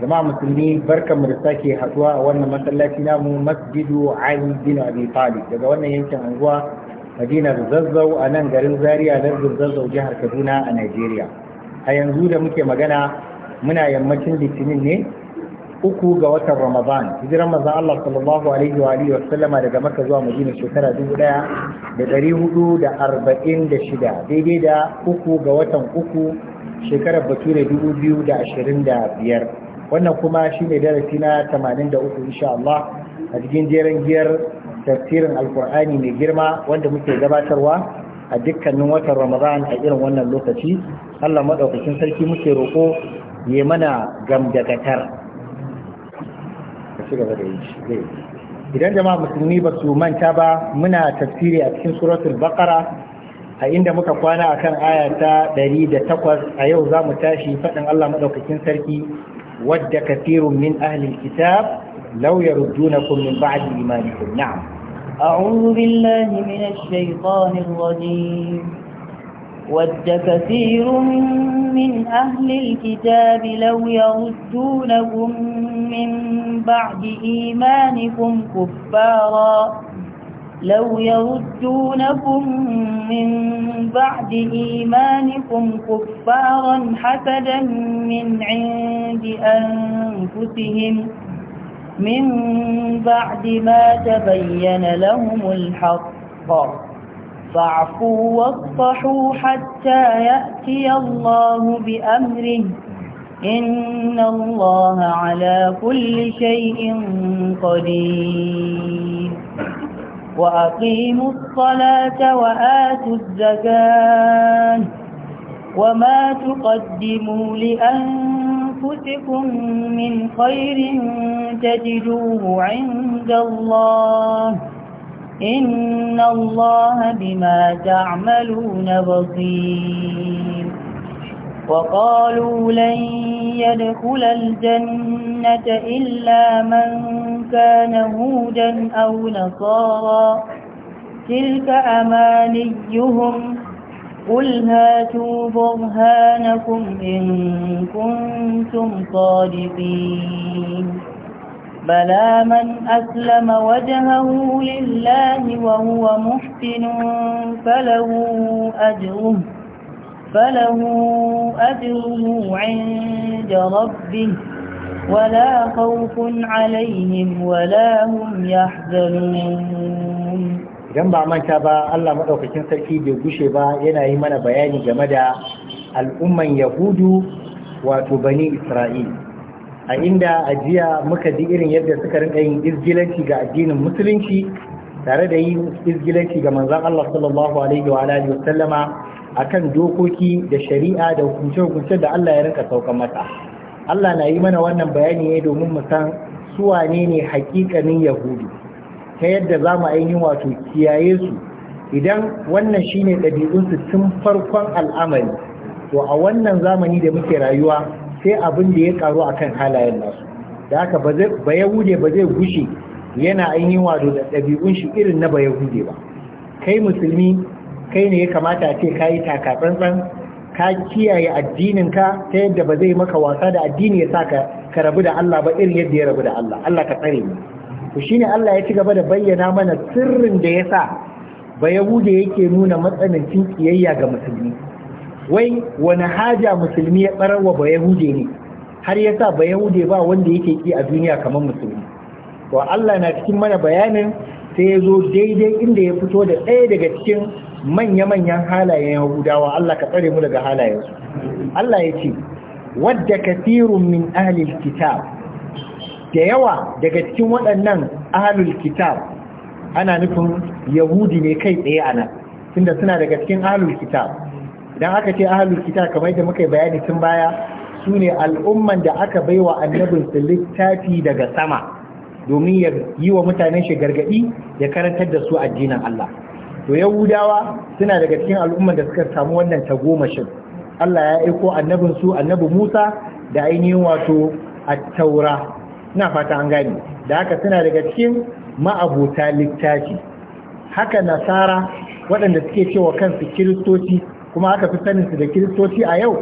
jama'a musulmi mu da sake haduwa a wannan masallaci namu masjidu ali bin abi talib daga wannan yankin anguwa madinar zazzau a nan garin zaria lardin zazzau jihar kaduna a nigeria a yanzu da muke magana muna yammacin litinin ne uku ga watan ramadan hijiran manzon allah sallallahu alaihi wa alihi wa sallama daga makka zuwa madina shekara dubu daya da dari hudu da arba'in da shida daidai da uku ga watan uku shekarar bature dubu biyu da ashirin da biyar wannan kuma shi shine darasi na 83 insha Allah a cikin jerin giyar tafsirin alkur'ani mai girma wanda muke gabatarwa a dukkanin watan ramadan a irin wannan lokaci Allah Maɗaukakin sarki muke roƙo ya mana gamdagatar idan jama'a musulmi ba su manta ba muna tafsiri a cikin suratul baqara a inda muka kwana akan aya ta 108 a yau za mu tashi faɗin Allah madaukakin sarki ود كثير من أهل الكتاب لو يردونكم من بعد إيمانكم نعم أعوذ بالله من الشيطان الرجيم ود كثير من أهل الكتاب لو يردونكم من بعد إيمانكم كفارا لو يردونكم من بعد إيمانكم كفارا حسدا من عند أنفسهم من بعد ما تبين لهم الحق فاعفوا واصفحوا حتى يأتي الله بأمره إن الله على كل شيء قدير وأقيموا الصلاة وآتوا الزكاة وما تقدموا لأنفسكم من خير تجدوه عند الله إن الله بما تعملون بصير وقالوا لن يدخل الجنة إلا من كان هودا أو نصارا تلك أمانيهم قل هاتوا برهانكم إن كنتم صادقين بلى من أسلم وجهه لله وهو محسن فله أجره فله أجره عند ربه ولا خوف عليهم ولا هم يحزنون idan ba manta ba Allah maɗaukakin sarki bai gushe ba yana yi mana bayani game da al'umman yahudu wato bani isra'il a inda a jiya muka ji irin yadda suka rinka yin izgilanci ga addinin musulunci tare da yin izgilanci ga manzan Allah sallallahu alaihi wa alihi wa sallama akan dokoki da shari'a da hukunce-hukunce da Allah ya rinka sauka mata. Allah na yi mana wannan bayani ne domin mu san su wane ne hakikanin yahudu ta yadda za mu ainihin wato kiyaye su idan wannan shine ɗabi'unsu tun farkon al'amari to a wannan zamani da muke rayuwa sai abin da ya karu akan halayen nasu da haka ba yahude ba zai gushe yana ainihin wato da ɗabi'un shi irin na ba yahude ba kai musulmi kai ne ya kamata a ce ka yi takatsantsan ka kiyaye addininka ta yadda ba zai maka wasa da addini ya sa ka rabu da Allah ba irin yadda ya rabu da Allah Allah ka tsare mu to shine Allah ya ci gaba da bayyana mana sirrin da ya sa ba yahuda yake nuna matsanancin kiyayya ga musulmi wai wani haja musulmi ya tsarawa ba yahude ne har ya sa ba ba wanda yake ki a duniya kamar musulmi to Allah na cikin mana bayanin sai ya zo daidai inda ya fito da ɗaya daga cikin manya-manyan halayen yahudawa Allah ka tsare mu daga su Allah ya ce wadda kafirun min ahlil kitab da yawa daga cikin waɗannan ahlul kitab ana nufin yahudi ne kai tsaye a tunda suna daga cikin ahlul kitab idan aka ce ahlul kitab kamar da muka bayani tun baya su ne al'umman da aka baiwa annabinsu littafi daga sama domin ya yi wa mutane shi gargaɗi, ya karantar da su addinin Allah to yahudawa suna daga cikin al'umman da suka samu wannan tagomashin Allah ya aiko annabin su annabi Musa da ainihin wato a taura ina fata an gani da haka suna daga cikin ma'abuta littafi haka nasara waɗanda suke cewa kansu kiristoci kuma aka fi sanin su da kiristoci a yau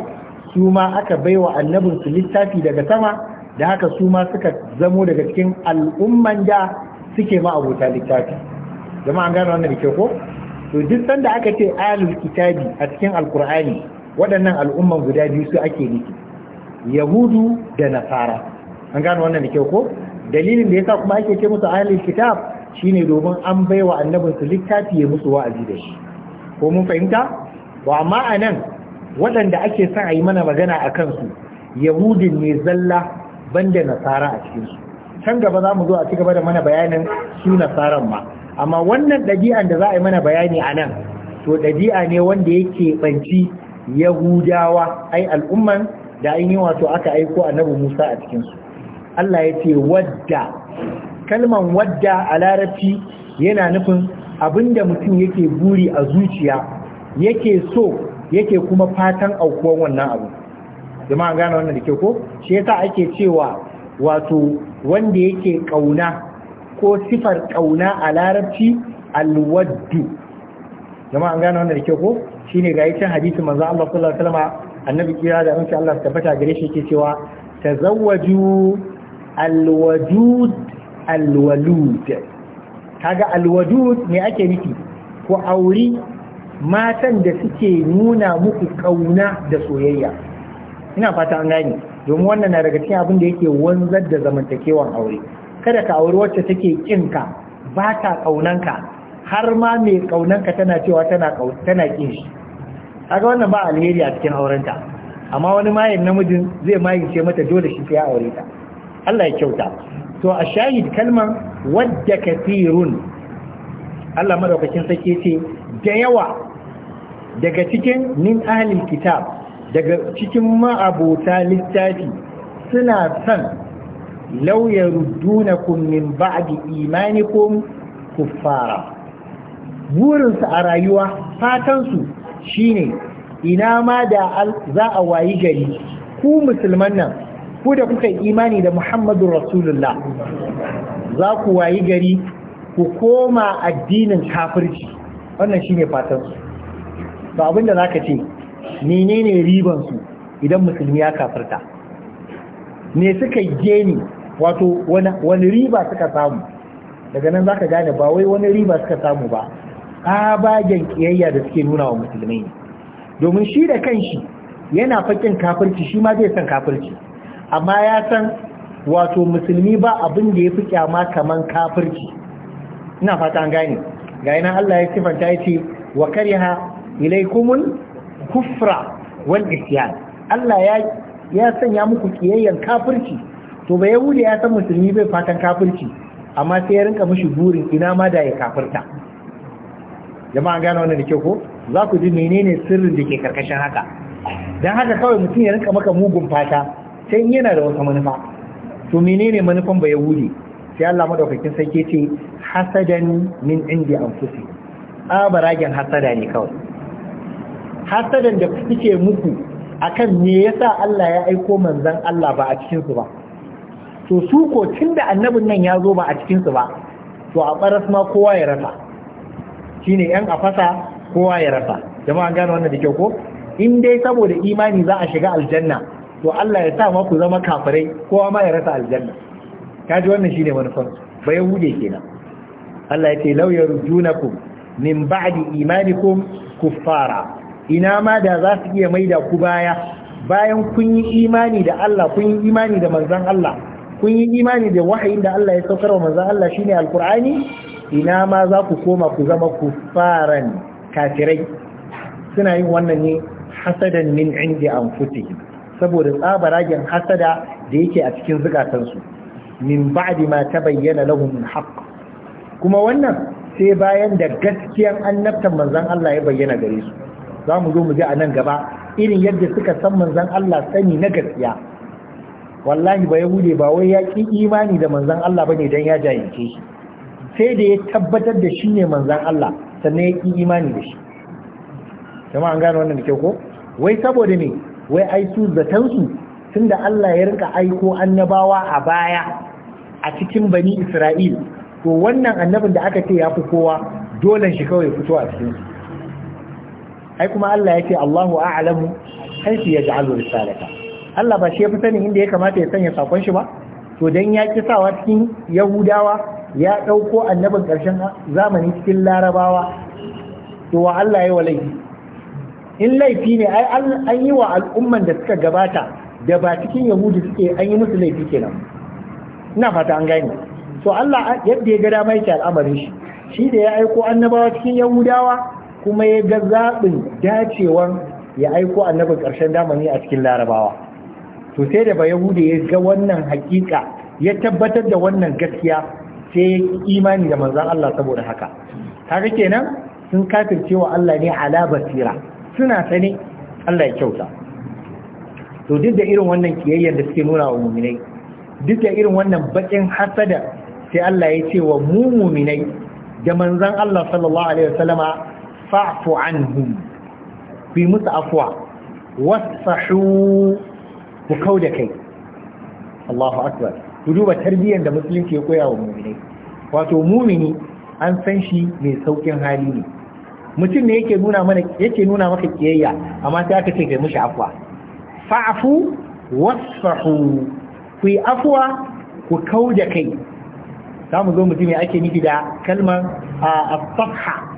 su ma aka baiwa annabinsu littafi daga sama da haka su ma suka zamo daga cikin al'umman da suke ma abota littafi an gane wannan da ke ko to duk sanda aka ce ahlul kitabi a cikin alkur'ani waɗannan al'umman guda biyu su ake nufi yahudu da nasara an gane wannan da ke ko dalilin da yasa kuma ake ce musu ahlul kitab shine domin an baiwa annabinsu littafi ya musu wa'azi da shi ko mun fahimta ba amma anan waɗanda ake son a yi mana magana a kansu yahudin ne zalla banda nasara a cikin su can gaba za mu zo a cigaba da mana bayanin su nasaran ma amma wannan ɗabi'an da za a yi mana bayani a nan to ɗabi'a ne wanda yake banci yahudawa ai al'umman da an yi wato aka aiko annabi musa a cikinsu allah ya ce wadda kalman wadda a larabci yana nufin abinda mutum yake buri a zuciya yake so yake kuma fatan aukuwan wannan abu jama'a gane wannan da ke ko shi yasa ake cewa wato wanda yake kauna ko sifar kauna a larabci alwaddu jama'a gane wannan da ke ko shine ga yacin hadisi manzo Allah sallallahu alaihi wasallam annabi kira da annabi Allah tabbata gare shi yake cewa tazawwaju alwadud alwalud kaga alwadud ne ake nufi ko auri matan da suke nuna muku kauna da soyayya ina fata an gane domin wannan na daga cikin abin da yake wanzar da zamantakewar aure kada ka auri wacce take ka ba ta kaunanka har ma mai ƙaunanka tana cewa tana tana kin shi kaga wannan ba alheri a cikin auren ta amma wani mayin namijin zai mayin ce mata dole shi sai ya aure ta Allah ya kyauta to a shahid kalman wadda kathirun Allah madaukakin sarki ce da yawa daga cikin min ahlil kitab daga cikin ma'abota littafi suna son lauya ruddunakum min ba'di imanikum kuffara burinsu a rayuwa fatansu shine ina ma da za a wayi gari ku musulman nan ku da kuka imani da muhammadu rasulullah za ku wayi gari ku koma addinin kafirci wannan shine fatansu ba abinda za ka ce menene su idan musulmi ya kafirta me suka geni wato wani riba suka samu daga nan zaka gane ba wai wani riba suka samu ba abagen kiyayya da suke nuna wa musulmi ne domin shi da kanshi yana fakin kafirci shi ma zai san kafirci amma ya san wato musulmi ba abin da ya fi kyama kaman kafirci ina fata an gane ga ina Allah ya sifanta ya ce wa kariha ilaikumul kufra wal isyan Allah ya ya sanya muku kiyayyan kafirci to bai yahudi ya san musulmi bai fatan kafirci amma sai ya rinka mishi burin ina ma da ya kafirta jama'a gane wannan da kyau ko za ku ji menene sirrin da ke karkashin haka dan haka kawai mutum ya rinka maka mugun fata sai yana da wata manufa to menene manufan bai yahudi sai Allah madaukakin sarki ce hasadan min indi anfusi abaragen hasada ne kawai hasadan da suke muku akan me yasa Allah ya aiko manzon Allah ba a cikin su ba to su ko tunda annabin nan ya zo ba a cikin su ba to a baras ma kowa ya rasa shine yan afasa kowa ya rasa jama'a gane wannan da kyau ko in dai saboda imani za a shiga aljanna to Allah ya sa ku zama kafirai kowa ma ya rasa aljanna kaji wannan shine manufar ba ya yahude kenan Allah ya ce law yarjunakum min ba'di imanikum kuffara ina ma da za su iya maida ku baya bayan kun yi imani da Allah kun yi imani da manzan Allah kun yi imani da wahayin da Allah ya saukar wa manzan Allah shine alkur'ani ina ma za ku koma ku zama ku faran kafirai suna yin wannan ne hasadan min indi fute saboda tsabaragen hasada da yake a cikin zukatansu min ba'di ma tabayyana lahum haqq kuma wannan sai bayan da gaskiyar annabtan manzan Allah ya bayyana gare su za mu zo mu ji a nan gaba irin yadda suka san manzan Allah sani na gaskiya wallahi ba yahude ba wai ya ki imani da manzan Allah bane dan ya jahilce shi sai da ya tabbatar da shi ne manzan Allah sannan ya ki imani da shi jama'a an gano wannan da kyau ko wai saboda me wai ai su zatan su tunda Allah ya rinka aiko annabawa a baya a cikin bani Isra'il to wannan annabin da aka ce ya fi kowa dole shi kawai fito a cikin su ai kuma Allah yake Allahu a'lamu haifu yaj'alu risalata Allah ba shi ya fi sanin inda ya kamata ya sanya sakon shi ba to dan ya kisawa cikin Yahudawa ya dauko annabin karshen zamani cikin Larabawa to wa Allah ya walai in laifi ne ai an yi wa al'umman da suka gabata da ba cikin Yahudu suke an yi musu laifi kenan ina fata an gane to Allah yadda ya ga dama yake al'amarin shi shi da ya aiko annabawa cikin Yahudawa kuma ya ga zaɓin dacewar ya aiko annabin ƙarshen damani a cikin larabawa to sai da ba yahuda ya ga wannan hakika ya tabbatar da wannan gaskiya sai ya imani da manzan Allah saboda haka haka kenan sun kafirce wa Allah ne ala basira suna sani Allah ya kyauta to duk da irin wannan kiyayyar da suke nuna wa muminai duk da irin wannan bakin hasada sai Allah ya ce wa mu muminai da manzan Allah sallallahu alaihi wasallama fa'fu anhum ku yi musu afuwa ku kau da kai Allahu akbar ku duba tarbiyyar da musulunci ya koya wa wato mu'mini an san shi mai saukin hali ne mutum ne yake nuna mana yake nuna maka kiyayya amma sai aka ce kai mishi afwa fa'fu wasfahu ku yi afwa ku kau da kai za mu zo mutum ya ake nufi da kalmar a safha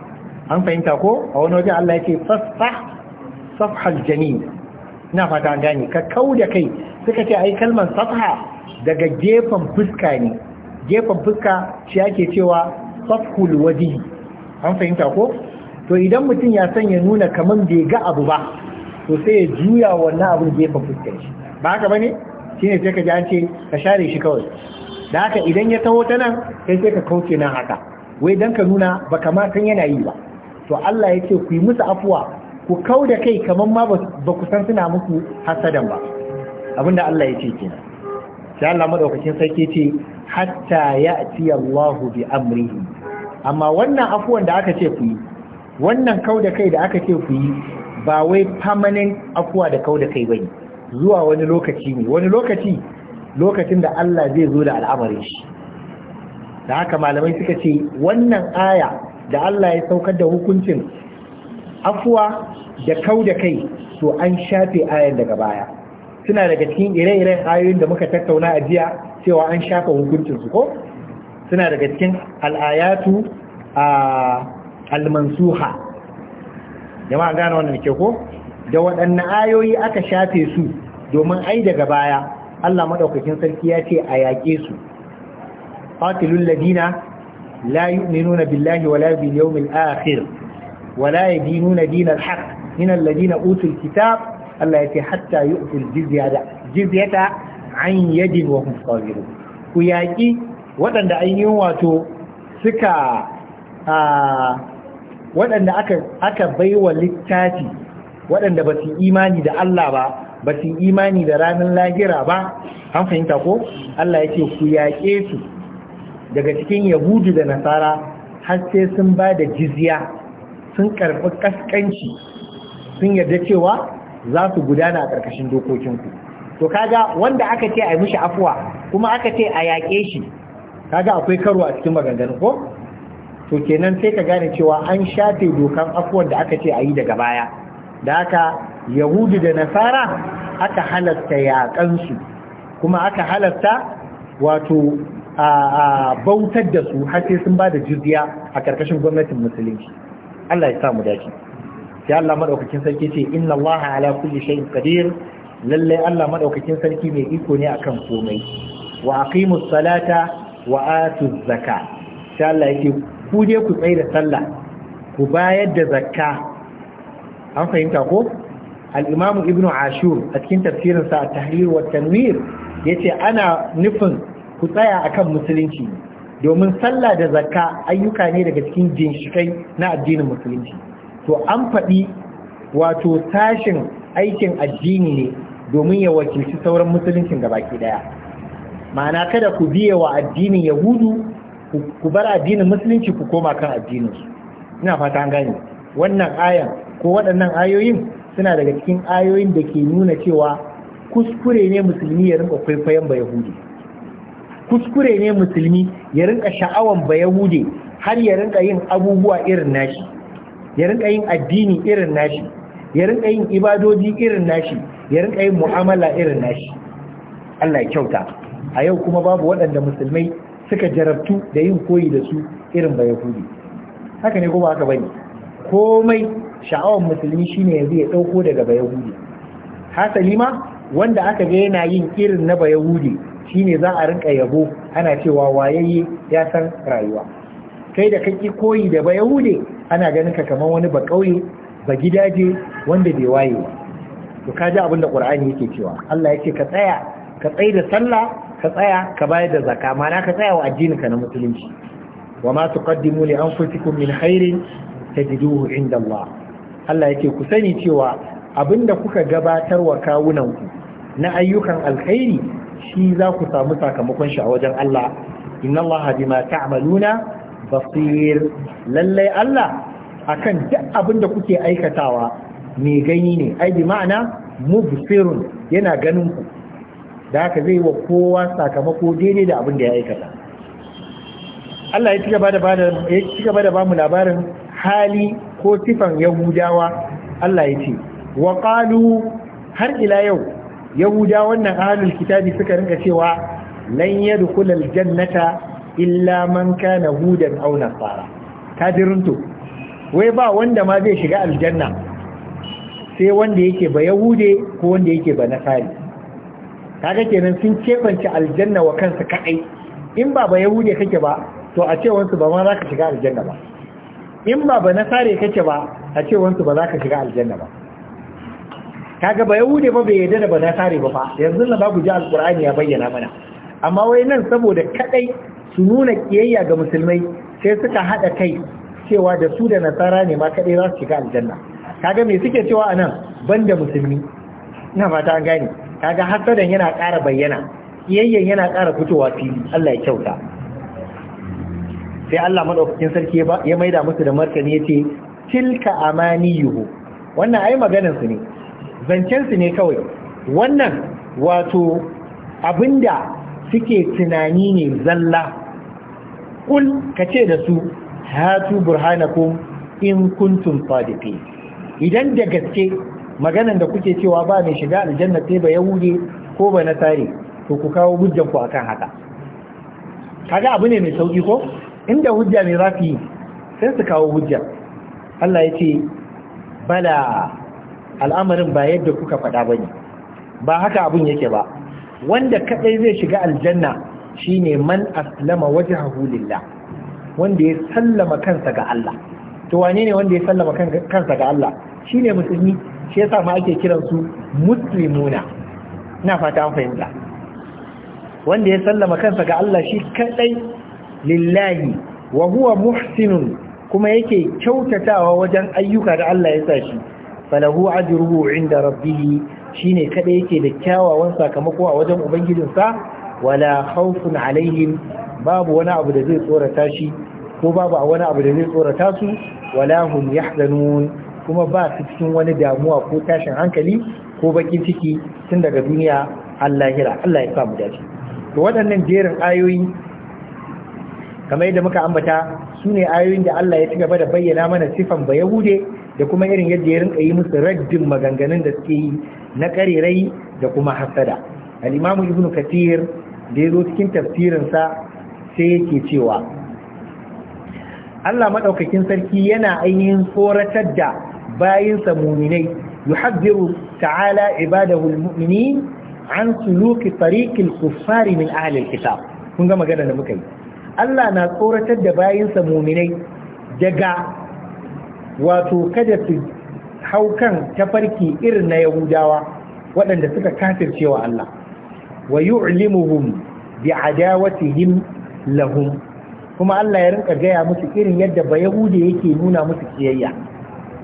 an fahimta ko a wani waje Allah yake fasfah safhal jamin ina fata an gane ka da kai suka ce ai kalmar safha daga gefen fuska ne gefen fuska shi ake cewa safhul waji an fahimta ko to idan mutum ya sanya nuna kaman bai ga abu ba to sai ya juya wannan abin gefen fuska shi ba haka bane shine sai ka ji an ce ka share shi kawai da haka idan ya taho ta nan sai sai ka kauce nan haka wai dan ka nuna ba san yana yi ba to Allah ya ce ku yi musu afuwa ku kau da kai kamar ma ba ku san suna muku hasadan ba abinda Allah ya ce ke nan sai Allah madaukakin sarki ce hatta ati Allah bi amrihi amma wannan afuwan da aka ce ku yi wannan kau da kai da aka ce ku yi ba wai permanent afuwa da kau da kai bane zuwa wani lokaci ne wani lokaci lokacin da Allah zai zo da al'amarin shi da haka malamai suka ce wannan aya da Allah ya saukar da hukuncin afuwa da kau da kai to an shafe ayan daga baya suna daga cikin ire-iren ayoyin da muka tattauna a jiya cewa an shafe hukuncin su ko suna daga cikin al'ayatu a almansuha jama'a gane wannan ke ko da waɗanne ayoyi aka shafe su domin ai daga baya Allah madaukakin sarki ya ce a yaƙe su qatilul ladina la yu'minuna billahi wala bil yawmil akhir wala yadinuna dinal haqq min alladhina utul kitab Allah yace hatta yu'tul jizyata jizyata an yadin wa hum sabirun ku yaki waɗanda ainihin wato suka waɗanda aka baiwa littafi waɗanda ba su imani da Allah ba ba su imani da ranar lahira ba an fahimta ko Allah ya ce ku yaƙe su daga cikin yahudu da nasara har sai sun ba da jizya sun karɓi ƙasƙanci sun yarda cewa za su gudana a ƙarƙashin dokokinku to kaga wanda aka ce a yi mishi afuwa kuma aka ce a yaƙe shi kaga akwai karo a cikin maganganu ko to kenan sai ka gane cewa an shafe dokan afuwar da aka ce a yi daga baya da haka yahudu da nasara aka halasta yaƙansu kuma aka halasta wato a bautar da su har sai sun ba da jizya a karkashin gwamnatin musulunci Allah ya sa mu dace sai Allah maɗaukakin sarki ce inna Allah ala kulli shay'in qadir lalle Allah maɗaukakin sarki mai iko ne akan komai wa aqimus salata wa atuz zakat sai Allah yake ku je ku tsaye da sallah ku bayar da zakka an fahimta ko al-imamu ibnu ashur a cikin tafsirinsa at-tahrir wa tanwir yace ana nufin ku tsaya akan musulunci domin sallah da zakka ayyuka ne daga cikin ginshikai na addinin musulunci to an faɗi wato tashin aikin addini ne domin ya wakilci sauran musuluncin baki daya ma'ana kada ku biye wa addinin yahudu ku bar addinin musulunci ku koma kan addinin su ina fata an gane wannan ayan ko waɗannan ayoyin suna daga cikin ayoyin da ke nuna cewa kuskure ne musulmi ya rinka kwaikwayon ba yahudu kuskure ne musulmi ya rinka sha'awan ba yahude har ya rinka yin abubuwa irin nashi ya rinka yin addini irin nashi ya rinka yin ibadoji irin nashi ya rinka yin mu'amala irin nashi Allah ya kyauta a yau kuma babu waɗanda musulmai suka jarabtu da yin koyi da su irin ba yahudi haka ne kuma haka bane komai sha'awan musulmi shine yanzu ya ɗauko daga ba yahudi hasali ma wanda aka ga yana yin irin na ba yahudi Shi ne za a rinka yabo ana cewa wayayye ya san rayuwa kai da kake koyi da ba yahude ana ganin ka kamar wani ba kauye ba gidaje wanda bai waye ba to ji abin da qur'ani yake cewa Allah yake ka tsaya ka tsaya da sallah ka tsaya ka bayar da zakka mana ka tsaya wa addinin ka na musulunci wa ma tuqaddimu li anfusikum min khairin tajiduhu inda Allah Allah yake ku sani cewa abinda kuka gabatar wa kawunanku na ayyukan alkhairi shi za ku samu sakamakon shi a wajen Allah inna Allah ma ta'maluna basir lallai Allah akan duk abin da kuke aikatawa me gani ne ai bi ma'ana mubsirun yana ganin ku da haka zai wa kowa sakamako daidai da abin da ya aikata Allah ya ci gaba da bada ya ci gaba da bamu labarin hali ko sifan yahudawa Allah ya ce wa qalu har ila yau yahuda wannan ahlul kitabi suka rinka cewa lan yadkhul aljannata illa man kana hudan aw nasara kadirinto wai ba wanda ma zai shiga aljanna sai wanda yake ba yahude ko wanda yake ba nasari kaga kenan sun kebance aljanna wa kansu kadai in ba ba yahude kake ba to a ce wansu ba ma za ka shiga aljanna ba in ba ba nasare kake ba a ce wansu ba za ka shiga aljanna ba kaga ba ya wude ba bai yarda da ba tare ba fa yanzu na babu ji alqur'ani ya bayyana mana amma wai nan saboda kadai su nuna kiyayya ga musulmai sai suka hada kai cewa da su da nasara ne ma kadai za su shiga aljanna kaga me suke cewa anan banda musulmi ina fata an gane kaga hasadan yana ƙara bayyana kiyayyen yana ƙara fitowa fili Allah ya kyauta sai Allah madaukakin sarki ya maida musu da martani yace tilka amaniyuhu wannan ai maganar su ne Zancen su ne kawai wannan wato abinda suke tunani ne zalla kul ka ce da su hatu burhanakum in kuntum sadiqi idan da gaske maganan da kuke cewa ba mai shiga aljanna sai ba ya wuge ko ba tare to ku kawo hujjan ku akan haka kaga abu ne mai sauki ko inda hujja mai rafi sai su kawo hujja Allah ya ce bala al'amarin ba yadda kuka faɗa ba ne ba haka abin yake ba wanda kaɗai zai shiga aljanna shine man aslama wajhahu lillah wanda ya sallama kansa ga Allah to wane ne wanda ya sallama kansa ga Allah shine musulmi shi yasa ma ake kiransu su muslimuna ina fata an fahimta wanda ya sallama kansa ga Allah shi kadai lillahi wa huwa muhsinun kuma yake kyautatawa wajen ayyuka da Allah ya sa shi falahu ajruhu inda rabbih shine kada yake da kyawawan sakamako a wajen ubangijinsa wala khawfun alaihim babu wani abu da zai tsorata shi ko babu wani abu da zai tsorata su wala hum yahzanun kuma ba su cikin wani damuwa ko tashin hankali ko bakin ciki tun daga duniya allahira Allah ya samu dace to waɗannan jerin ayoyi kamar yadda muka ambata sune ayoyin da Allah ya ci gaba da bayyana mana sifan ba Yahude da kuma irin yadda ya rinka yi musu raddin maganganun da suke yi na karerai da kuma hasada Alimamu imamu ibnu katir da ya zo cikin tafsirinsa sai yake cewa Allah maɗaukakin sarki yana ainihin tsoratar da bayinsa muminai yuhabbiru ta'ala ibadahu al-mu'minin an suluki tariqil kuffari min ahli al-kitab kun ga magana da muka yi Allah na tsoratar da bayinsa muminai daga wato kada su hau kan tafarki irin na yahudawa waɗanda suka kafircewa Allah wa yu'limuhum bi adawatihim lahum kuma Allah ya rinka gaya musu irin yadda ba yahude yake nuna musu kiyayya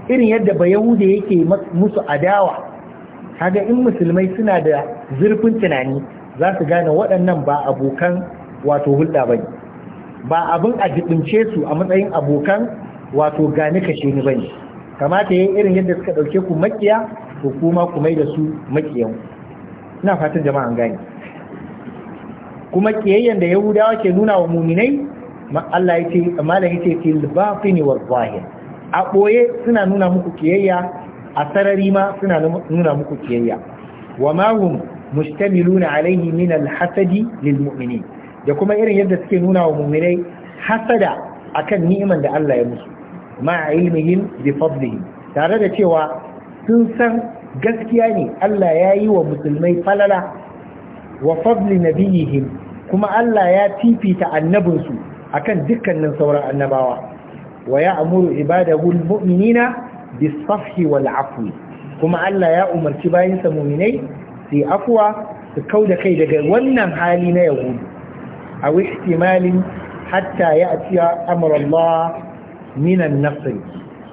irin yadda ba yahude yake musu adawa kaga in musulmai suna da zurfin tunani za su gane waɗannan ba abokan wato hulɗa bane ba abin a jibince su a matsayin abokan wato gani kashe ni bane kamata yayin irin yadda suka dauke ku makiya to kuma ku mai da su makiyan ina fatan jama'a an gane kuma kiyayyen da yahudawa ke nuna wa muminai Allah ya ce malam ya ce fil zahir a boye suna nuna muku kiyayya a sarari ma suna nuna muku kiyayya wa ma hum mustamiluna alaihi min alhasadi lil mu'minin da kuma irin yadda suke nuna wa muminai hasada akan ni'iman da Allah ya musu ma ilmihim bi fadlihim tare da cewa sun san gaskiya ne Allah ya yi wa musulmai falala wa fadli nabiyihim kuma Allah ya fifita annabinsu akan dukkanin sauran annabawa wa ya amuru ibadahu almu'minina bis wal-afwi kuma Allah ya umarci bayansa mu'minai su yi afuwa su kauda kai daga wannan hali na yahudu a ihtimalin hatta ya atiya amara Allah minan nasri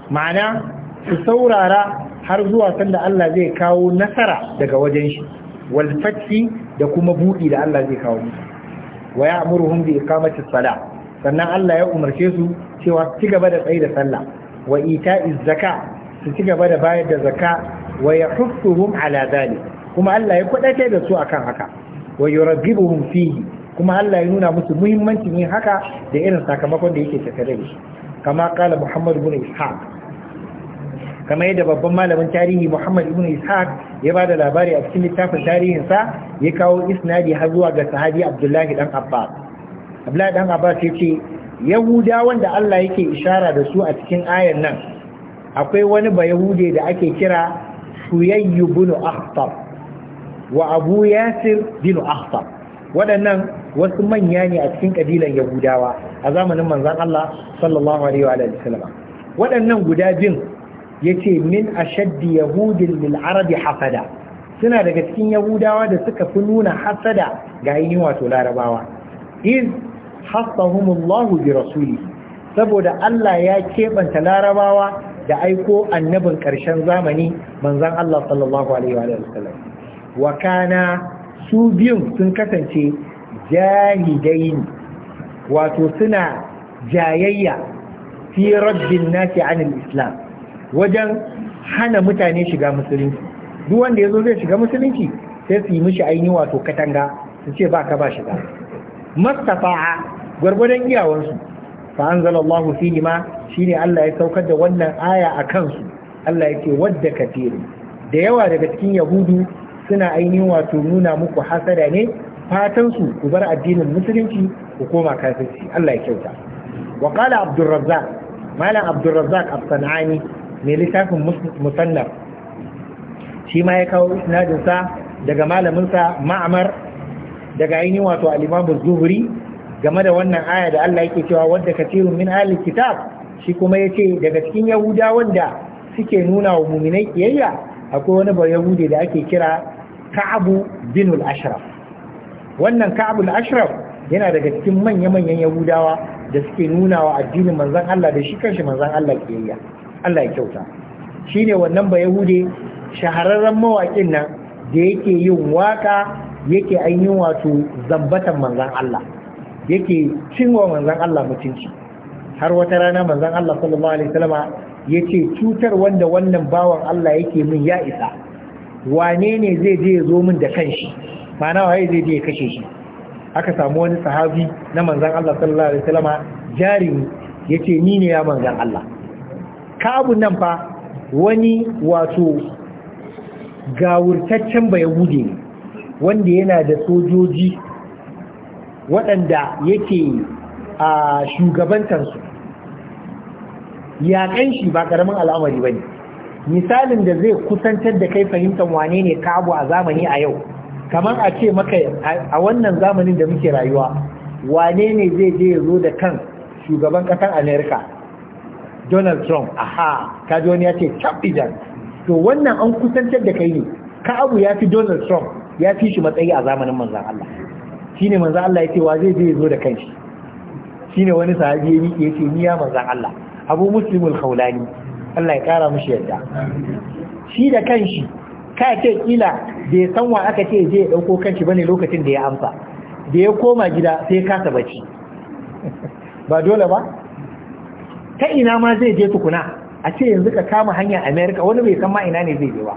ma'ana su saurara har zuwa sanda Allah zai kawo nasara daga wajen shi wal da kuma buɗi da Allah zai kawo musu wa ya'muruhum bi iqamati salah sannan Allah ya umarce su cewa su gaba da tsayi da sallah wa ita'iz zaka su ci gaba da bayar da zaka wa yahuffuhum ala dhalik kuma Allah ya kwadata da su akan haka wa yurabbibuhum fihi kuma Allah ya nuna musu muhimmancin yin haka da irin sakamakon da yake tattare da shi kama kala muhammad ibn ishaq kama yadda babban malamin tarihi muhammad ibn ishaq ya ba da labari a cikin littafin tarihinsa ya kawo isnadi har zuwa ga sahabi abdullahi dan abbas abdullahi dan abbas ya ce yahudawan allah yake ishara da su a cikin ayan nan akwai wani ba yahude da ake kira shuyayyu bin akhtab wa abu yasir bin akhtab waɗannan wasu manya ne a cikin kabilan yahudawa a zamanin manzon Allah sallallahu alaihi wa sallam waɗannan guda biyun yace min ashaddi yahudin lil arabi suna daga cikin yahudawa da suka fi nuna hasada ga ainihin wato larabawa iz hasahumullahu bi rasuli saboda Allah ya keɓanta larabawa da aiko annabin ƙarshen zamani manzan Allah sallallahu alaihi wa sallam wa kana su biyun sun kasance jahidaini wato suna jayayya fi rabbin nasi anil islam wajen hana mutane shiga musulunci duk wanda yazo zai shiga musulunci sai su yi mishi ainihi wato katanga su ce ba ba shiga mastafa'a gwargwadon iyawansu fa anzalallahu fihi ma shine Allah ya saukar da wannan aya a kansu Allah yake wadda kafiri da yawa daga cikin yahudu suna ainihin wato nuna muku hasada ne fatan su ku bar addinin musulunci ku koma kafirci Allah ya kyauta wa qala abdurrazzaq malam abdurrazzaq as-sanani mai littafin musannaf shi ma ya kawo isnadin sa daga malamin sa ma'amar daga ainihin wato al-imam zuhri game da wannan aya da Allah yake cewa wadda katirun min ahli kitab shi kuma yace daga cikin Yahuda wanda suke nuna wa muminai kiyayya akwai wani ba yahudi da ake kira ka'abu binul ashraf wannan ka'abul ashraf yana daga cikin manya-manyan yahudawa da suke nuna wa addinin manzon Allah da shi kanshi manzon Allah kiyayya Allah ya kyauta Shi shine wannan ba yahude shahararren mawaƙin nan da yake yin waka yake ainihin wato zambatan manzon Allah yake cinwa manzon Allah mutunci har wata rana manzon Allah sallallahu alaihi wasallama yace cutar wanda wannan bawan Allah yake min ya isa wane ne zai je ya zo min da kanshi mana waye zai je ya kashe shi aka samu wani sahabi na manzan Allah sallallahu alaihi wasallama jarimi yace ni ne ya manzan Allah Ka kabu nan fa wani wato gawurtaccen bayahudi ne wanda yana da sojoji waɗanda yake a shugabantansu yaƙan shi ba ƙaramin al'amari ba ne misalin da zai kusantar da kai fahimtar wane ne kabu a zamani a yau kamar a ce maka a wannan zamanin da muke rayuwa wane ne zai je zo da kan shugaban ƙasar amerika donald trump aha ka ji wani ya ce capitan to wannan an kusantar da kai ne ka abu ya fi donald trump ya fi shi matsayi a zamanin manzan allah shine manzan allah ya ce wa zai je zo da kan Shi shine wani sahabi ya miƙe ya ce ni ya manzan allah abu muslimul khawlani allah ya kara mushi yadda shi da kan shi. ka ce kila bai san wa aka ce je ya dauko kanshi bane lokacin da ya amsa da ya koma gida sai kasa bacci ba dole ba ta ina ma zai je tukuna a ce yanzu ka kama hanyar america wani bai san ma ina ne zai je ba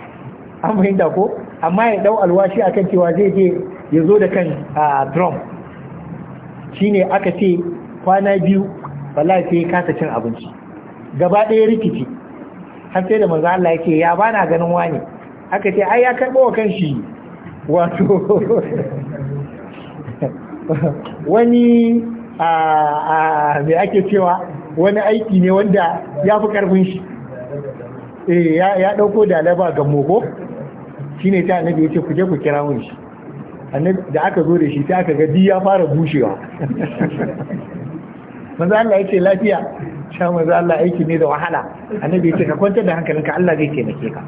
an fahimta ko amma ya dau alwashi akan cewa zai je ya zo da kan drum shine aka ce kwana biyu wallahi sai ya kasa cin abinci gaba ɗaya rikici har sai da manzo Allah yake ya bana ganin wani aka ce ai ya karɓo wa kanshi wato wani a mai ake cewa wani aiki ne wanda ya fi karfin shi eh, ya ɗauko da alaba ga moko shi ne ta annabi da ce ku je ku kira mun shi da aka zo da shi ta aka gadi ya fara bushewa maza Allah ya ce lafiya sha maza Allah aiki ne da wahala annabi ya ce ka kwantar da hankalinka Allah zai taimake ka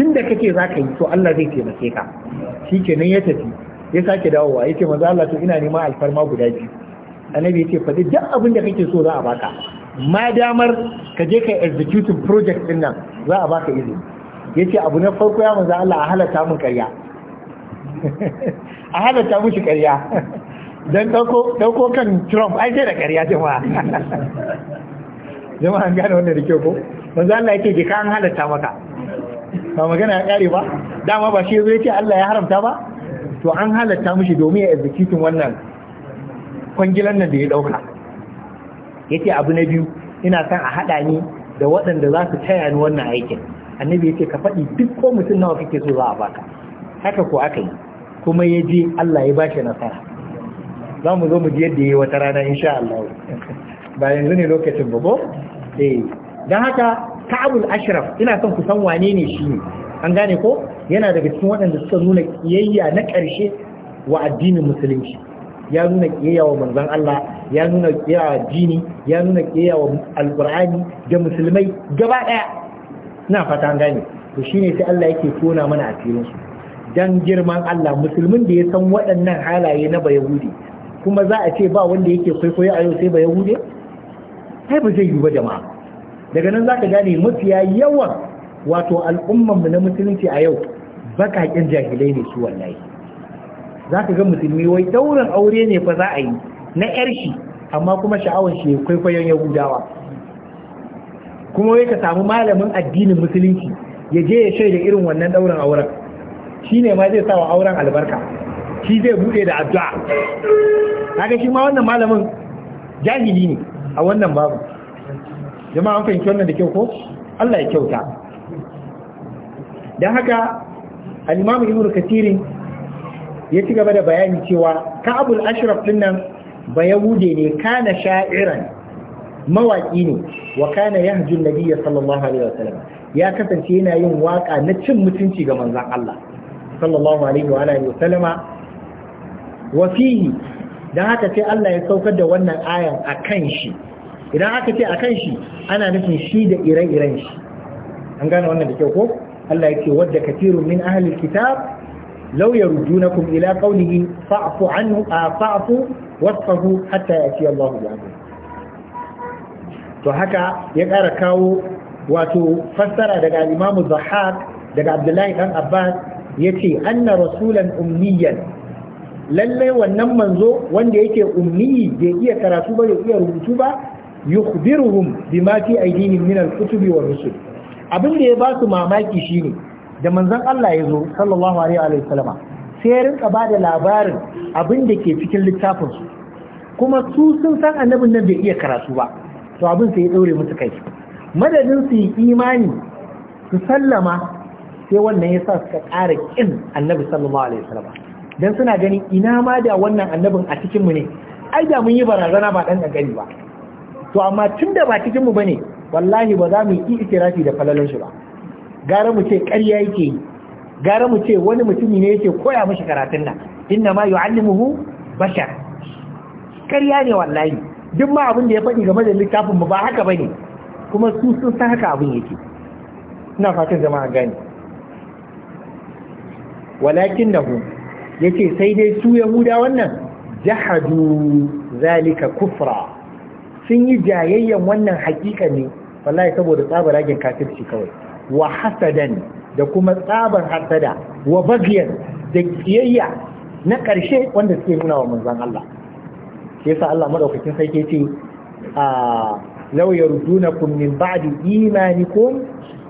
tun da kake za ka yi to Allah zai taimake ka shi nan ya tafi ya sake dawowa ya ce maza Allah to ina neman alfarma guda biyu annabi ya ce faɗi duk abin da kake so za a baka ma damar ka je ka executing project din nan za a baka izini ya ce abu na farko ya maza Allah a halatta mun karya a halatta mushi karya don ɗauko kan Trump ai sai da karya jama'a jama'a an gane wannan da kyau ko manzo Allah yake je ka an halatta maka ba magana ya kare ba dama ba shi zai ce Allah ya haramta ba to an halatta mishi domin ya executing wannan kwangilan nan da ya dauka yace abu na biyu ina son a hada ni da waɗanda za su taya ni wannan aikin annabi yace ka faɗi duk ko mutum nawa kake so za a baka haka ko aka yi kuma ya je Allah ya bashi nasara za mu zo mu ji yadda ya yi wata rana insha Allah ba yanzu ne lokacin babo? eh don haka ka'abul ashraf ina son ku san wane ne shi ne an gane ko yana daga cikin waɗanda suka nuna kiyayya na ƙarshe wa addinin musulunci ya nuna kiyayya wa manzon Allah ya nuna kiyayya wa addini ya nuna kiyayya wa alqur'ani da musulmai gaba ɗaya ina fata an gane to shine sai Allah yake tona mana asirin su dan girman Allah musulmin da ya san waɗannan halaye na bayahudi kuma za a ce ba wanda yake kwaikwayo a yau sai yahudi Sai ba zai yi ba jama'a daga nan za ka gane mafiya yawan wato al'umman mu na musulunci a yau bakakin jahilai ne su wallahi Za ka ga musulmi wai dauran aure ne fa za a yi na yar amma kuma sha'awar shi kwaikwayon yahudawa kuma wai ka samu malamin addinin musulunci ya je ya shaida irin wannan dauran auren Shi ne ma zai sawa auren albarka shi zai bude da addu'a kaga shi ma wannan malamin jahili ne a wannan babu jama'a an fahimci wannan da kyau ko Allah ya kyauta dan haka al-Imam Ibn ya ci gaba da bayani cewa Ka'abul Ashraf din nan ba Yahude ne kana sha'iran mawaki ne wa kana yahju an sallallahu alaihi wasallam ya kasance yana yin waka na cin mutunci ga manzon Allah sallallahu alaihi wa alihi wasallama wa fihi dan haka sai Allah ya saukar da wannan ayan akan shi idan aka ce kan shi ana nufin shi da ire-iren shi an gane wannan da kyau ko Allah ce wadda katirun min ahlil kitab law yarudunakum ila qawlihi fa'fu anhu fa'fu wasfahu hatta yati Allah bi to haka ya ƙara kawo wato fassara daga al-Imam daga Abdullahi dan Abbas yace anna rasulan ummiyan lallai wannan manzo wanda yake ummi bai iya karatu ba bai iya rubutu ba yukhbiruhum bima fi aydihim min al-kutubi wa rusul abin da ya ba su mamaki shine da manzon Allah ya zo sallallahu alaihi wa sallam sai ya rinka ba da labarin abin da ke cikin littafin su kuma su sun san annabin nan bai iya karatu ba to abin sai ya daure musu kai madadin su yi imani su sallama sai wannan ya sa suka ƙara ƙin annabi sallallahu alaihi wasallam dan suna ganin ina ma da wannan annabin a cikin mu ne ai da mun yi barazana ba dan gani ba to amma tun da ba cikin mu bane wallahi ba za mu yi ikirafi da falalar shi ba gara mu ce ƙarya yake yi gara mu ce wani mutumi ne yake koya mishi karatun nan inna ma yu'allimuhu bashar ƙarya ne wallahi duk ma abin da ya faɗi game da littafin mu ba haka bane kuma su sun san haka abin yake ina fatan jama'a gane walakin nahu yace sai dai su yahuda wannan jahadu zalika kufra sun yi jayayyan wannan hakika ne wallahi saboda tsabar ragin kafirci kawai wa hasadan da kuma tsabar hasada wa bagiyan da kiyayya na ƙarshe wanda suke nuna wa manzon Allah shi yasa Allah madaukakin sai ke ce a law yardunakum min ba'di imanikum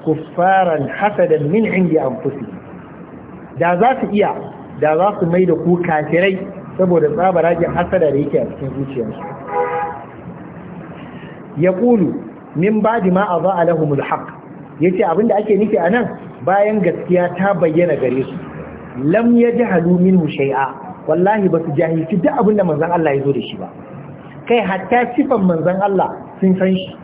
kuffaran hasadan min indi anfusihim da za su iya da za su mai da ku kafirai saboda tsabar ragin hasada da yake a cikin zuciyarsu ya ƙulu min ba di ma a za a lahumul haƙ ya ce abinda ake nufi a nan bayan gaskiya ta bayyana gare su lam ya ji mu shai'a wallahi ba su jahilci duk abinda manzan Allah ya zo da shi ba kai hatta sifan manzan Allah sun san shi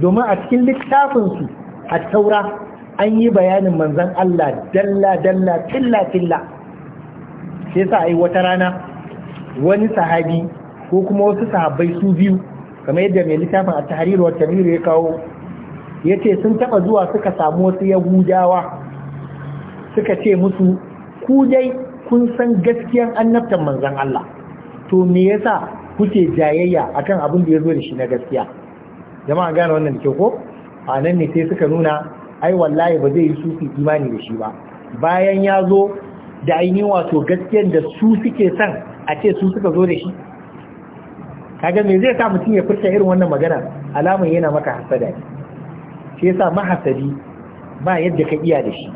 domin a cikin littafinsu a taura an yi bayanin manzan Allah dalla dalla tilla tilla sai sa yi wata rana wani sahabi ko kuma wasu sahabbai su biyu kamar yadda mai littafin a tahariru wata ya kawo ya ce sun taɓa zuwa suka samu wasu yahudawa suka ce musu ku dai kun san gaskiyan annabtan manzan Allah to me yasa kuke jayayya akan abin da ya zo da shi na gaskiya jama'a gane wannan ke ko a nan ne sai suka nuna ai wallahi ba zai yi su imani da shi ba bayan ya zo da ainihin wato gaskiyan da su suke san a ce su suka zo da shi kaga me zai sa mutum ya furta irin wannan magana alamun yana maka hasada ne shi yasa mahasadi ba yadda ka iya da shi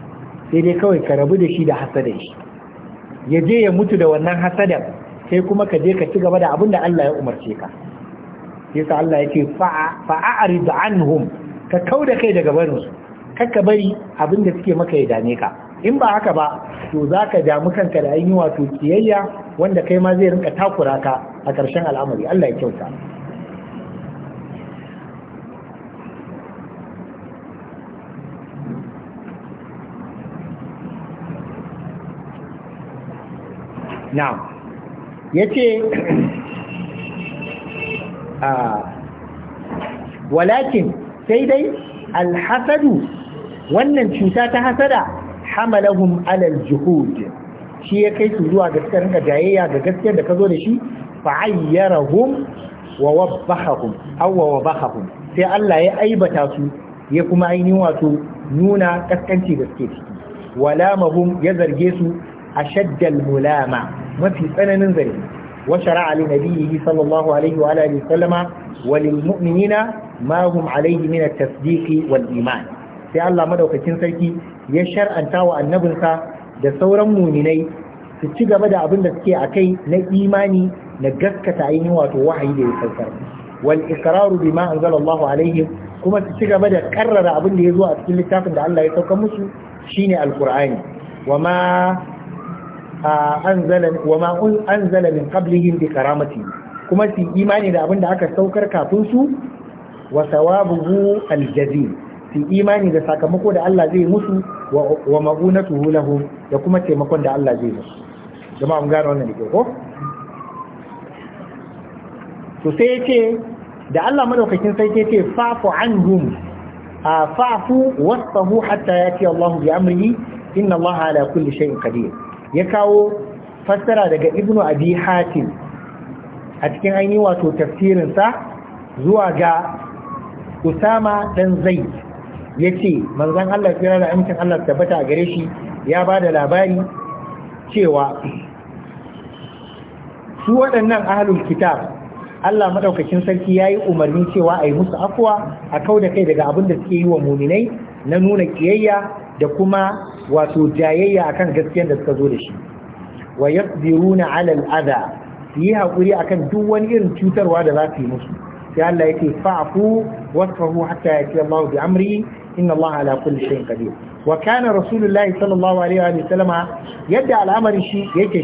sai dai kawai ka rabu da shi da hasada shi ya je ya mutu da wannan hasadan. sai kuma ka je ka ci gaba da abin da Allah ya umarce ka yasa Allah ya ce fa'a'rid anhum ka da kai daga barin su kakka bari abin da suke maka ya dame ka in ba haka ba to za ka damu kanka da yi wato kiyayya wanda kai ma zai rinka takura ka a ƙarshen al'amari Allah ya kyauta na'am yace a walakin sai dai alhasadu wannan cuta ta hasada hamalahum alal juhud shi ya kai su zuwa gaskiyar rinka jayayya ga gaskiyar da ka zo da shi fa'ayyarahum wa wabbahahum aw wa wabbahahum sai Allah ya aibata su ya kuma ainihin wato nuna kaskanci da suke ciki walamahum ya zarge su ashaddal mulama mafi tsananin zargi wa shara'a li nabiyhi sallallahu alaihi wa alihi sallama wa lil mu'minina ma hum alaihi min at-tasdiq wal iman sai Allah madaukakin sarki ya shar'anta wa annabinsa da sauran muminai su ci gaba da abin da suke a kai na imani na gaskata ainihin wato wahayi da ya saukar wal ikraru bima anzalallahu alaihim kuma su ci gaba da karrara abin da ya zo a cikin littafin da Allah ya saukar musu shine alqur'ani wama anzala wama anzala min qablihim bi karamati kuma su imani da abin da aka saukar kafin su wa thawabuhu aljazim su imani da sakamako da Allah zai musu wa magunatu lahu da kuma taimakon da Allah zai musu jama'a mun gane wannan da ko to sai yace da Allah madaukakin sai yace fa'fu anhum fa'fu wasfahu hatta yati Allah bi amrihi inna Allah ala kulli shay'in qadir ya kawo fassara daga ibnu abi hatim a cikin ainihi wato tafsirinsa zuwa ga Usama dan Zaid ya ce manzan Allah kira da amincin Allah tabbata a gare shi ya ba da labari cewa su waɗannan ahalul kitab Allah maɗaukacin sarki ya yi umarni cewa a yi musu afuwa a kau da kai daga abin da suke yi wa muminai na nuna kiyayya da kuma wato jayayya akan gaskiyar da suka zo da shi wa alal ala al'ada yi haƙuri akan duk wani irin cutarwa da za su yi musu sai Allah yake fa'fu wasfahu hatta ce, Allah bi amri inna Allah ala kulli shay'in qadir wa kana rasulullahi sallallahu alaihi wa yadda al'amarin shi yake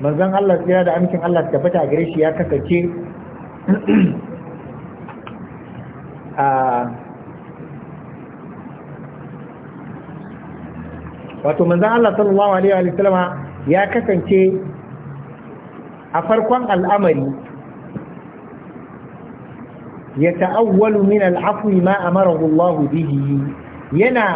manzon Allah da Allah gare shi ya kasance a wato manzan Allah sallallahu Alaihi wasallama ya kasance a farkon al'amari ya ta'awwalu min al'afwi ma amarahu Allah bihi yana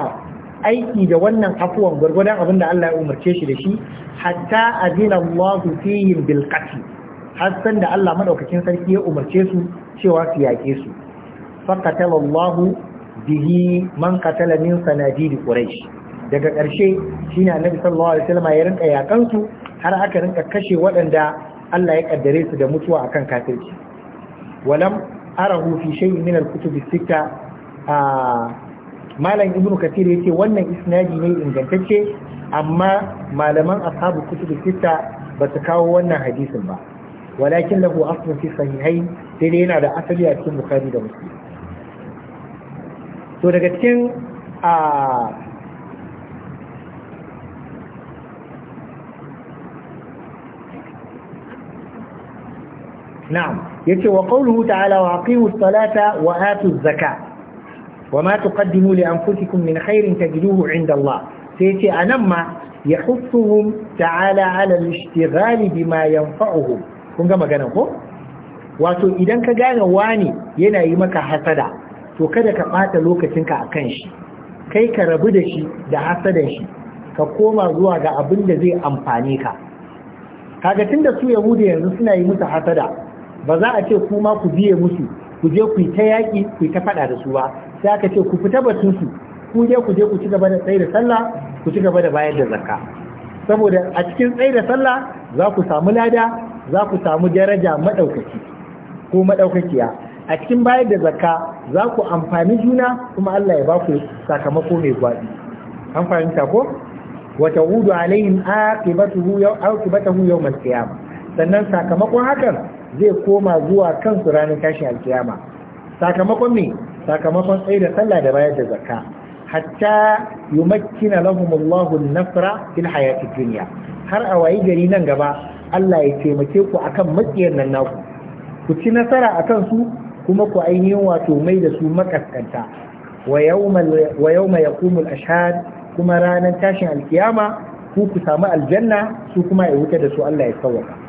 aiki da wannan afuwan gwargwadon abin da Allah ya umarce shi da shi hatta azina Allah fihim bil qatl har san da Allah madaukakin sarki ya umarce su cewa su yake su faqatala Allah bihi man qatala min sanadid quraish daga ƙarshe shine annabi sallallahu alaihi wasallam ya rinka yakan su har aka rinka kashe waɗanda Allah ya kaddare su da mutuwa akan kafirci walam arahu fi shay'in min al-kutub as-sitta malam ibnu kathir yace wannan isnadi ne ingantacce amma malaman ashabu kutub sita ba su kawo wannan hadisin ba walakin lahu aslun fi sahihain sai dai yana da asali a cikin bukhari da muslim to daga cikin na'am yace wa qawluhu ta'ala wa aqimus salata wa atuz zakat wama tuqaddimu li anfusikum min khairin tajiduhu 'inda Allah sai yace anan ma yahussuhum ta'ala 'ala al-ishtighal bima yanfa'uhum kun magana ko wato idan ka gane wani yana yi maka hasada to kada ka ɓata lokacinka a kan shi kai ka rabu da shi da hasadan shi ka koma zuwa ga abin da zai amfane ka kaga da su yahuda yanzu suna yi musu hasada ba za a ce kuma ku biye musu ku je ku ta yaƙi ku ta faɗa da su ba sai aka ce ku fita batun su ku je ku je ku ci gaba da tsaye da sallah ku ci gaba da bayar da zakka saboda a cikin tsaye da sallah za ku samu lada za ku samu daraja madaukaki ko madaukakiya a cikin bayar da zakka za ku amfani juna kuma Allah ya ba ku sakamako mai gwaɗi an fahimta ko wa ta'udu alaihim aqibatuhu yawm aqibatuhu yawm al-qiyamah sannan sakamakon hakan zai koma zuwa kansu ranar tashin alkiyama sakamakon me sakamakon tsaye da sallah da bayar da zakka hatta yumakkina lahumullahu an-nasra fil hayati dunya har a wayi gari nan gaba Allah ya taimake ku akan matsiyar nan naku ku ci nasara akan su kuma ku ainihin wato mai da su makaskanta wa yawma yaqumul ashhad kuma ranar tashin alkiyama ku ku samu aljanna su kuma ya wuta da su Allah ya sauwaka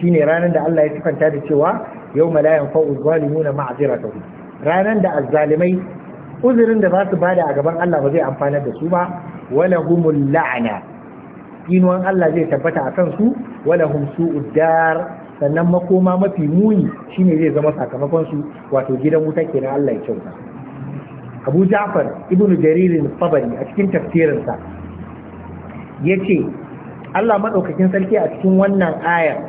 shine ranar da Allah ya sifanta da cewa yau malayan yanfa'u zalimuna ma'ziratuhum ranar da azzalimai uzurin da za su bada a gaban Allah ba zai amfana da su ba wala humul la'ana inuwan Allah zai tabbata a kansu wala hum su'ud dar sannan makoma mafi muni shine zai zama sakamakon su wato gidan wuta kenan Allah ya kyauta Abu Ja'far ibn Jaririn Fabari tabari a cikin tafsirinsa yace Allah madaukakin sarki a cikin wannan ayar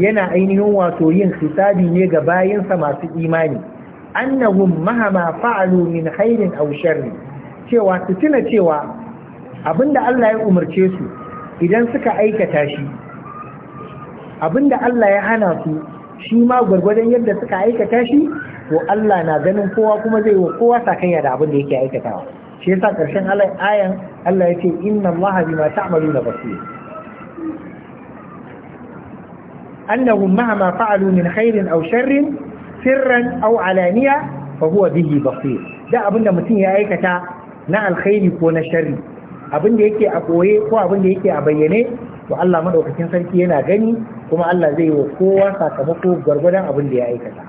yana ainihin wato yin hisabi ne ga bayinsa masu imani annahum mahama fa'alu min khairin aw sharri cewa su tuna cewa abinda Allah ya umarce su idan suka aikata shi abinda Allah ya hana su shi ma gwargwadon yadda suka aikata shi to Allah na ganin kowa kuma zai wa kowa sakayya da abin da yake aikatawa shi yasa karshen ayan Allah ya ce inna Allah bima ta'maluna basir أنهم مع ما فعلوا من خير أو شر سرا أو علانية فهو به بصير ده أبن متين يا أيكة نا الخير كون الشر abin da yake a koye ko abin yake a bayyane to Allah madaukakin sarki yana gani kuma Allah zai yi kowa sakamako gwargwadon abin ya aikata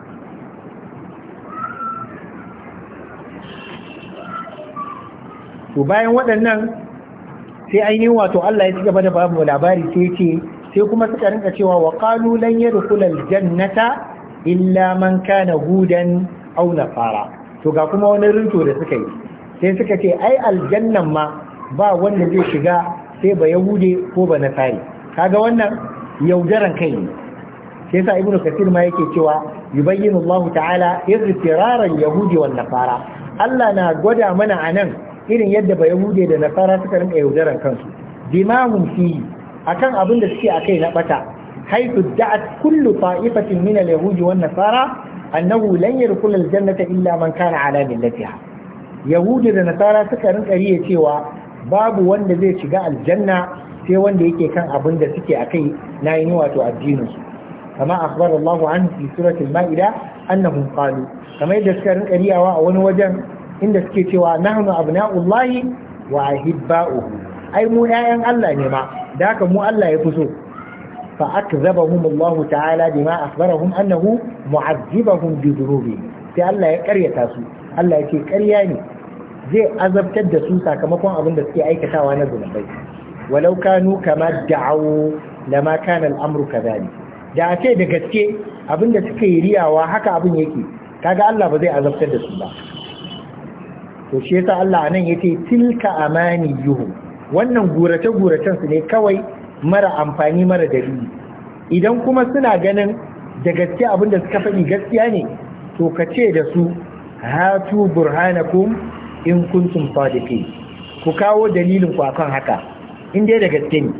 to bayan waɗannan sai ainihin wato Allah ya ci gaba da babu labari sai ce sai kuma suka rinka cewa wa qalu lan yadkhul jannata illa man kana hudan aw nasara to ga kuma wani rinto da suka yi sai suka ce ai aljannan ma ba wanda zai shiga sai ba yahude ko ba nasari kaga wannan yaudaran kai ne sai sa ibnu kasir ma yake cewa yubayyinu Allah ta'ala irtiraran yahudi wan nasara Allah na gwada mana anan irin yadda ba yahude da nasara suka rinka yaudaran kansu dimahum fi akan abin da suke akai na bata haythu da'at kullu ta'ifatin min al-yahudi wan nasara annahu lan yadkhul al-jannata illa man kana ala millatiha yahudi da nasara suka rinka riya cewa babu wanda zai shiga aljanna sai wanda yake kan abin da suke akai na yi wato addinin su kama akhbar Allahu anhu fi surati al-ma'ida annahum qalu kama yadda suka rinka riyawa a wani wajen inda suke cewa nahnu abna'ullahi wa ahibba'uhu ai mu ƴaƴan Allah ne ma da haka mu Allah ya fi so fa akzabahum Allah ta'ala bima akhbarahum annahu mu'azzibahum bi dhunubi sai Allah ya karyata su Allah yake karya ne zai azabtar da su sakamakon abin da suke aikatawa na zulubai walau kanu kama da'u lama kana al'amru kadhalik da a ce da gaske abin da suke riyawa haka abin yake kaga Allah ba zai azabtar da su ba to shi yasa Allah anan yace tilka amani amaniyuhum wannan gurace-guracen su ne kawai mara amfani mara dalili idan kuma suna ganin da gaske abin da suka faɗi gaskiya ne to ka ce da su hatu burhanakum in kuntum sadiqin ku kawo dalilin ku akan haka in dai da gaske ne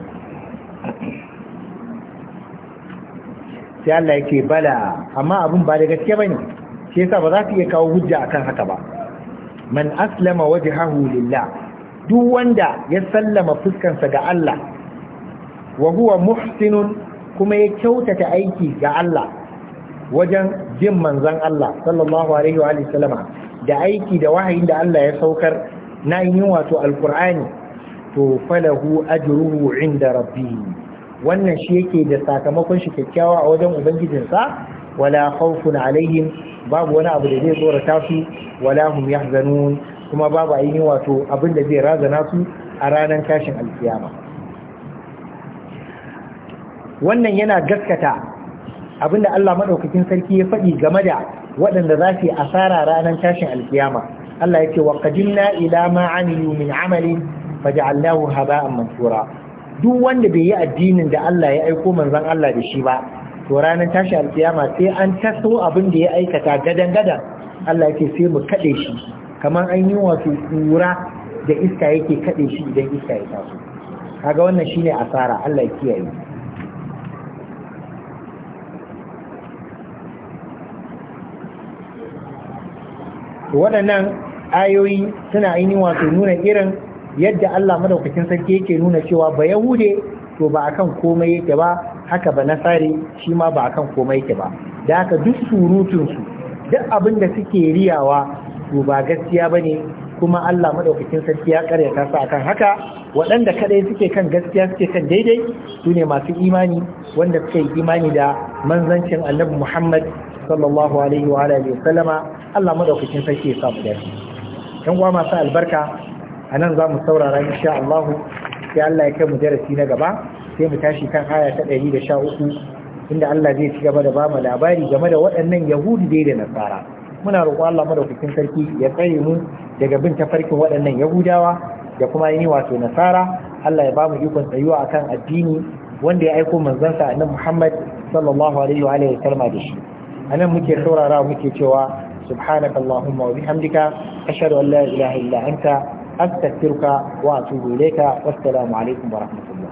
sai Allah yake bala amma abin ba da gaske bane sai yasa ba za su iya kawo hujja akan haka ba man aslama wajhahu lillah duk wanda ya sallama fuskansa ga Allah wa huwa muhsinun kuma ya kyautata aiki ga Allah wajen jin manzon Allah sallallahu alaihi wa sallama da aiki da wahayin da Allah ya saukar na yin wato alkur'ani to falahu ajruhu inda rabbih wannan shi yake da sakamakon shi kyakkyawa a wajen ubangijinsa wala khawfun alaihim babu wani abu da zai tsorata su wala hum yahzanun kuma babu ainihin wato abin da zai razana su a ranar tashin alkiyama wannan yana gaskata abin da Allah maɗaukakin sarki ya faɗi game da waɗanda za su yi asara ranar tashin alkiyama Allah ya ce wa qadimna ila ma amilu min amalin faj'alnahu haba'an mansura duk wanda bai yi addinin da Allah ya aiko manzon Allah da shi ba to ranar tashin alkiyama sai an taso abin da ya aikata gadan gadan Allah ce sai mu kaɗe shi kamar an yi wato kura da iska yake kaɗe shi idan iska ya taso kaga wannan shine asara Allah ya kiyaye waɗannan ayoyi suna aini wato nuna irin yadda Allah madaukakin sarki yake nuna cewa ba yahude to ba akan komai yake ba haka ba nasari shi ma ba kan komai yake ba da haka duk surutunsu, duk abin da suke riyawa to ba gaskiya ba ne kuma Allah maɗaukacin sarki ya karyata su akan haka waɗanda kadai suke kan gaskiya suke kan daidai su ne masu imani wanda suke imani da manzancin Annabi Muhammad sallallahu alaihi wa alihi wasallama Allah maɗaukacin sarki ya samu dace dan uwa masu albarka anan za mu saurara insha Allah sai Allah ya kai mu darasi na gaba sai mu tashi kan aya ta ɗari da uku. inda Allah zai ci gaba da ba mu labari game da waɗannan Yahudi da Nasara muna roƙon Allah madaukakin sarki ya tsare mu daga bin tafarkin waɗannan yahudawa da kuma yini wato nasara Allah ya bamu ikon tsayuwa akan addini wanda ya aiko manzansa annabi Muhammad sallallahu alaihi wa alihi wasallam da shi anan muke saurara muke cewa subhanaka allahumma wa bihamdika ashhadu an la ilaha illa anta astaghfiruka wa atubu ilayka wassalamu alaikum